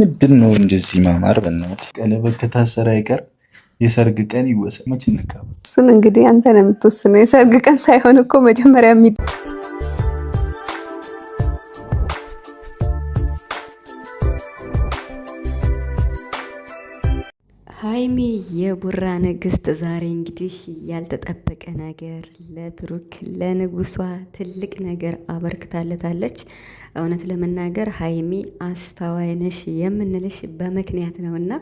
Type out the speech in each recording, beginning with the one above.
ምንድን ነው እንደዚህ ማማር? በናት ቀለበት ከታሰረ አይቀር የሰርግ ቀን ይወሰን። መች እንጋባ? እሱን እንግዲህ አንተ ነው የምትወስነው። የሰርግ ቀን ሳይሆን እኮ መጀመሪያ የሚ ሀይሚ የቡራ ንግስት ዛሬ እንግዲህ ያልተጠበቀ ነገር ለብሩክ ለንጉሷ ትልቅ ነገር አበርክታለታለች። እውነት ለመናገር ሀይሚ አስተዋይ የምንልሽ በምክንያት ነውና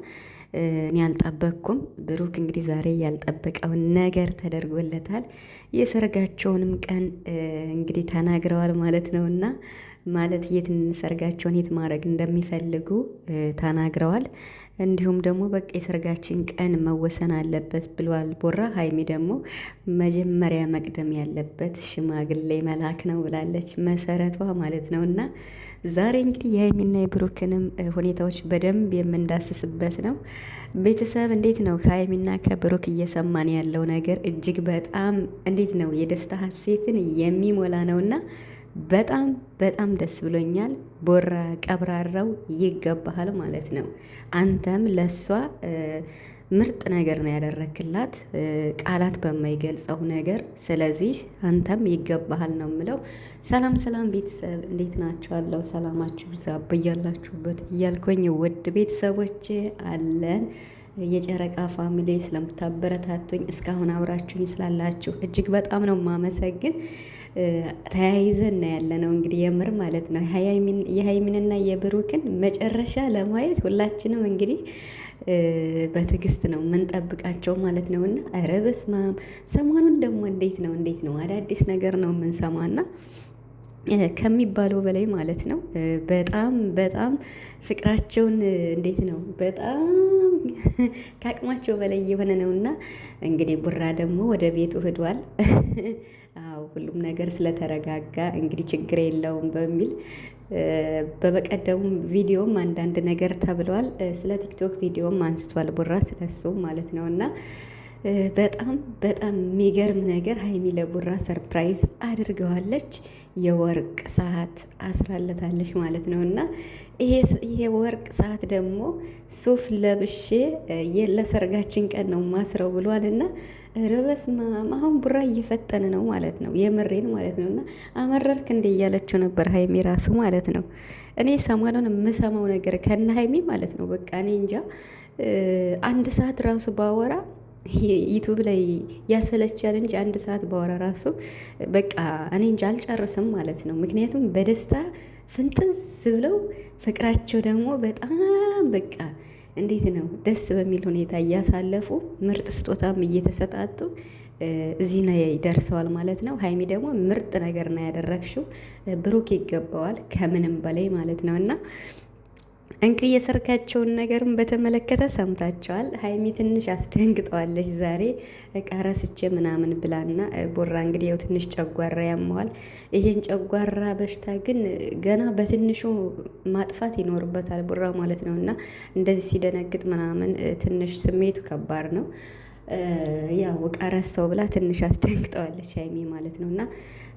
እኔ አልጠበቅኩም። ብሩክ እንግዲህ ዛሬ ያልጠበቀውን ነገር ተደርጎለታል። የሰርጋቸውንም ቀን እንግዲህ ተናግረዋል ማለት ነውና ማለት የት እንሰርጋቸውን የት ማድረግ እንደሚፈልጉ ተናግረዋል። እንዲሁም ደግሞ በቃ የሰርጋችን ቀን መወሰን አለበት ብሏል ቦራ። ሀይሚ ደግሞ መጀመሪያ መቅደም ያለበት ሽማግሌ መላክ ነው ብላለች፣ መሰረቷ ማለት ነው። እና ዛሬ እንግዲህ የሀይሚና የብሩክንም ሁኔታዎች በደንብ የምንዳስስበት ነው። ቤተሰብ እንዴት ነው ከሀይሚና ከብሩክ እየሰማን ያለው ነገር? እጅግ በጣም እንዴት ነው የደስታ ሀሴትን የሚሞላ ነው እና በጣም በጣም ደስ ብሎኛል። ቦራ ቀብራራው ይገባሃል ማለት ነው። አንተም ለሷ ምርጥ ነገር ነው ያደረክላት ቃላት በማይገልጸው ነገር። ስለዚህ አንተም ይገባሃል ነው የምለው። ሰላም ሰላም ቤተሰብ እንዴት ናችሁ አለው ሰላማችሁ ዛብ እያላችሁበት እያልኩኝ ውድ ቤተሰቦች አለን የጨረቃ ፋሚሊ ስለምታበረታቱኝ እስካሁን አብራችሁኝ ስላላችሁ እጅግ በጣም ነው ማመሰግን። ተያይዘን ነው ያለ ነው እንግዲህ የምር ማለት ነው የሀይሚንና የብሩክን መጨረሻ ለማየት ሁላችንም እንግዲህ በትዕግስት ነው የምንጠብቃቸው ማለት ነው። እና ኧረ በስመ አብ ሰሞኑን ደግሞ እንዴት ነው እንዴት ነው አዳዲስ ነገር ነው የምንሰማና ከሚባለው በላይ ማለት ነው። በጣም በጣም ፍቅራቸውን እንዴት ነው በጣም ከአቅማቸው በላይ የሆነ ነው። እና እንግዲህ ቡራ ደግሞ ወደ ቤቱ ሂዷል። አዎ ሁሉም ነገር ስለተረጋጋ እንግዲህ ችግር የለውም በሚል በበቀደሙ ቪዲዮም አንዳንድ ነገር ተብሏል። ስለ ቲክቶክ ቪዲዮም አንስቷል ቡራ ስለሱ ማለት ነው እና በጣም በጣም የሚገርም ነገር ሀይሚ ለቡራ ሰርፕራይዝ አድርገዋለች። የወርቅ ሰዓት አስራለታለች ማለት ነው። እና ይሄ ወርቅ ሰዓት ደግሞ ሱፍ ለብሼ ለሰርጋችን ቀን ነው ማስረው ብሏል። እና ረበስ አሁን ቡራ እየፈጠን ነው ማለት ነው። የምሬን ማለት ነው። እና አመረርክ እንደ እያለችው ነበር ሀይሚ ራሱ ማለት ነው። እኔ ሰሞኑን የምሰማው ነገር ከነ ሀይሚ ማለት ነው። በቃ እኔ እንጃ አንድ ሰዓት ራሱ ባወራ ዩቱብ ላይ ያሰለቻል እንጂ አንድ ሰዓት በወራ ራሱ በቃ እኔ እንጂ አልጨርስም ማለት ነው። ምክንያቱም በደስታ ፍንጥዝ ብለው ፍቅራቸው ደግሞ በጣም በቃ እንዴት ነው ደስ በሚል ሁኔታ እያሳለፉ ምርጥ ስጦታም እየተሰጣጡ እዚህ ነው ደርሰዋል ማለት ነው። ሀይሚ ደግሞ ምርጥ ነገር ነው ያደረግሽው፣ ብሩክ ይገባዋል ከምንም በላይ ማለት ነው እና እንግዲህ የሰርጋቸውን ነገርም በተመለከተ ሰምታቸዋል ሀይሚ ትንሽ አስደንግጠዋለች ዛሬ እቃ ረስቼ ምናምን ብላና ቦራ እንግዲህ ያው ትንሽ ጨጓራ ያመዋል። ይሄን ጨጓራ በሽታ ግን ገና በትንሹ ማጥፋት ይኖርበታል ቦራ ማለት ነው። እና እንደዚህ ሲደነግጥ ምናምን ትንሽ ስሜቱ ከባድ ነው። ያው እቃ ረሳው ብላ ትንሽ አስደንግጠዋለች ሀይሚ ማለት ነው። እና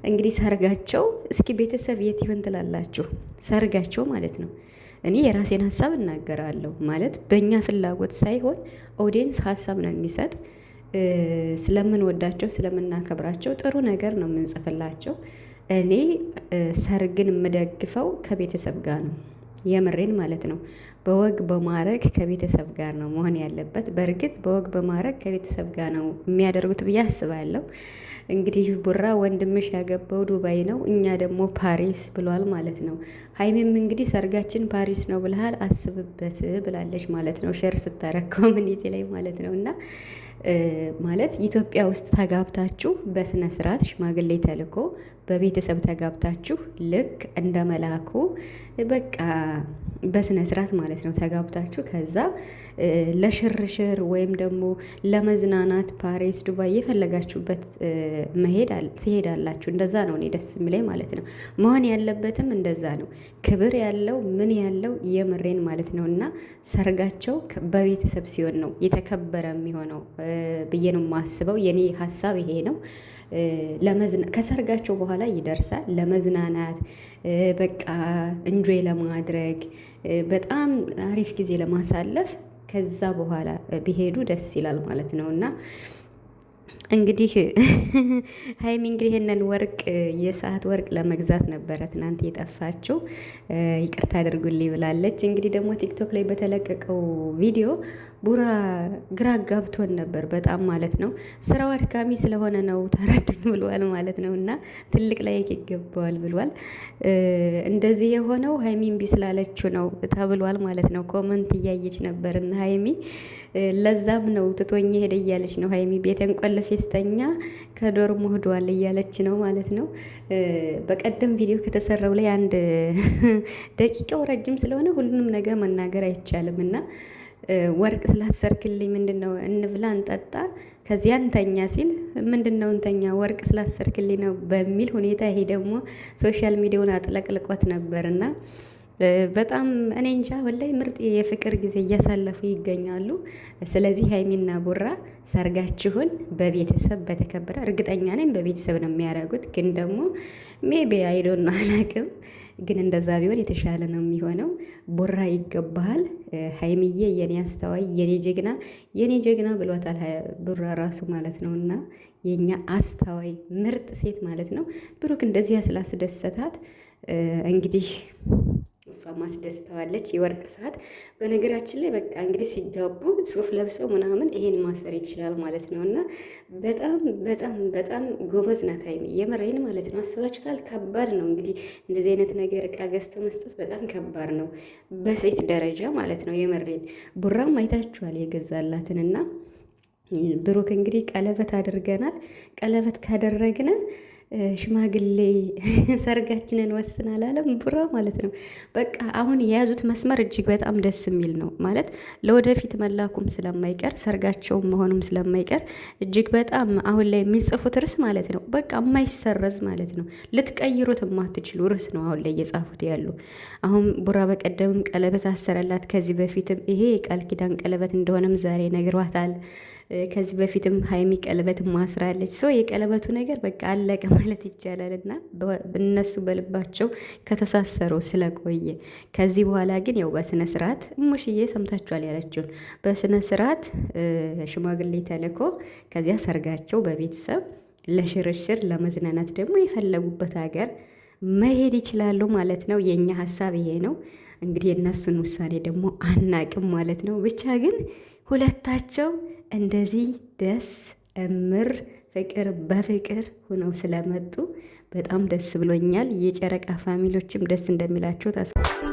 እንግዲህ ሰርጋቸው እስኪ ቤተሰብ የት ይሆን ትላላችሁ? ሰርጋቸው ማለት ነው እኔ የራሴን ሀሳብ እናገራለሁ ማለት በእኛ ፍላጎት ሳይሆን ኦዲየንስ ሀሳብ ነው የሚሰጥ ስለምንወዳቸው ስለምናከብራቸው ጥሩ ነገር ነው የምንጽፍላቸው። እኔ ሰርግን የምደግፈው ከቤተሰብ ጋር ነው የምሬን ማለት ነው። በወግ በማረግ ከቤተሰብ ጋር ነው መሆን ያለበት። በእርግጥ በወግ በማረግ ከቤተሰብ ጋር ነው የሚያደርጉት ብዬ አስባለሁ። እንግዲህ ቡራ ወንድምሽ ያገባው ዱባይ ነው፣ እኛ ደግሞ ፓሪስ ብሏል ማለት ነው። ሀይሜም እንግዲህ ሰርጋችን ፓሪስ ነው ብልሃል፣ አስብበት ብላለች ማለት ነው። ሼር ስታረግ ኮሚኒቲ ላይ ማለት ነው እና ማለት ኢትዮጵያ ውስጥ ተጋብታችሁ በስነ ስርዓት ሽማግሌ ተልኮ በቤተሰብ ተጋብታችሁ ልክ እንደ መላኩ በቃ በስነ ስርዓት ማለት ነው ተጋብታችሁ ከዛ ለሽርሽር ወይም ደግሞ ለመዝናናት ፓሪስ፣ ዱባይ የፈለጋችሁበት መሄድ ትሄዳላችሁ። እንደዛ ነው እኔ ደስ የሚለኝ ማለት ነው። መሆን ያለበትም እንደዛ ነው። ክብር ያለው ምን ያለው የምሬን ማለት ነው። እና ሰርጋቸው በቤተሰብ ሲሆን ነው የተከበረ የሚሆነው ብዬ ነው የማስበው። የኔ ሀሳብ ይሄ ነው። ከሰርጋቸው በኋላ ይደርሳል። ለመዝናናት በቃ እንጆይ ለማድረግ በጣም አሪፍ ጊዜ ለማሳለፍ ከዛ በኋላ ቢሄዱ ደስ ይላል ማለት ነው እና እንግዲህ ሀይሚ እንግዲህ ይህንን ወርቅ የሰዓት ወርቅ ለመግዛት ነበረ ትናንት የጠፋችው፣ ይቅርታ አድርጉልኝ ብላለች። እንግዲህ ደግሞ ቲክቶክ ላይ በተለቀቀው ቪዲዮ ቡራ ግራ ጋብቶን ነበር በጣም ማለት ነው። ስራው አድካሚ ስለሆነ ነው ተረዱኝ ብሏል ማለት ነው። እና ትልቅ ላይ ይገባዋል ብሏል። እንደዚህ የሆነው ሀይሚ እምቢ ስላለችው ነው ተብሏል ማለት ነው። ኮመንት እያየች ነበር እና ሀይሚ ለዛም ነው ትቶኝ ሄደ እያለች ነው ሀይሚ። ቤተን ቆልፌ ስተኛ ከዶር ሂዷል እያለች ነው ማለት ነው። በቀደም ቪዲዮ ከተሰራው ላይ አንድ ደቂቃው ረጅም ስለሆነ ሁሉንም ነገር መናገር አይቻልም እና ወርቅ ስላሰርክልኝ ምንድን ነው እንብላ እንጠጣ ከዚያ እንተኛ ሲል ምንድን ነው እንተኛ ወርቅ ስላሰርክልኝ ነው በሚል ሁኔታ ይሄ ደግሞ ሶሻል ሚዲያውን አጥለቅልቆት ነበርና። እና በጣም እኔ እንጃ ወላይ ምርጥ የፍቅር ጊዜ እያሳለፉ ይገኛሉ። ስለዚህ ሀይሚና ቡራ ሰርጋችሁን በቤተሰብ በተከበረ እርግጠኛ ነኝ በቤተሰብ ነው የሚያደርጉት። ግን ደግሞ ሜቢ አይዶን ነው ግን እንደዛ ቢሆን የተሻለ ነው የሚሆነው። ቡራ ይገባሃል፣ ሀይሚዬ የኔ አስተዋይ፣ የኔ ጀግና፣ የኔ ጀግና ብሏታል ቡራ ራሱ ማለት ነው እና የእኛ አስተዋይ ምርጥ ሴት ማለት ነው። ብሩክ እንደዚህ ስላስደሰታት እንግዲህ እሷ ማስደስተዋለች። የወርቅ ሰዓት በነገራችን ላይ በቃ እንግዲህ ሲጋቡ ሱፍ ለብሰው ምናምን ይሄን ማሰር ይችላል ማለት ነው። እና በጣም በጣም በጣም ጎበዝ ናት ሀይሚ የመረይን ማለት ነው። አስባችሁታል? ከባድ ነው እንግዲህ እንደዚህ አይነት ነገር እቃ ገዝቶ መስጠት በጣም ከባድ ነው፣ በሴት ደረጃ ማለት ነው። የመሬን ቡራም አይታችኋል የገዛላትንና ብሩክ እንግዲህ ቀለበት አድርገናል። ቀለበት ካደረግን ሽማግሌ ሰርጋችንን ወስናል አለ ቡራ ማለት ነው። በቃ አሁን የያዙት መስመር እጅግ በጣም ደስ የሚል ነው ማለት ለወደፊት መላኩም ስለማይቀር ሰርጋቸውም መሆኑም ስለማይቀር እጅግ በጣም አሁን ላይ የሚጽፉት ርዕስ ማለት ነው በቃ የማይሰረዝ ማለት ነው። ልትቀይሩት የማትችሉ ርዕስ ነው አሁን ላይ እየጻፉት ያሉ። አሁን ቡራ በቀደምም ቀለበት አሰረላት ከዚህ በፊትም ይሄ ቃል ኪዳን ቀለበት እንደሆነም ዛሬ ነግሯታል። ከዚህ በፊትም ሀይሚ ቀለበት ማስራለች። ሰው የቀለበቱ ነገር በቃ አለቀ ማለት ይቻላል እና እነሱ በልባቸው ከተሳሰሩ ስለቆየ ከዚህ በኋላ ግን ያው በስነ ስርዓት እሙሽዬ ሰምታችኋል ያለችውን በስነ ስርዓት ሽማግሌ ተልኮ ከዚያ ሰርጋቸው በቤተሰብ ለሽርሽር ለመዝናናት ደግሞ የፈለጉበት ሀገር መሄድ ይችላሉ ማለት ነው። የእኛ ሀሳብ ይሄ ነው። እንግዲህ የእነሱን ውሳኔ ደግሞ አናቅም ማለት ነው። ብቻ ግን ሁለታቸው እንደዚህ ደስ እምር ፍቅር በፍቅር ሆነው ስለመጡ በጣም ደስ ብሎኛል። የጨረቃ ፋሚሊዎችም ደስ እንደሚላቸው ታስ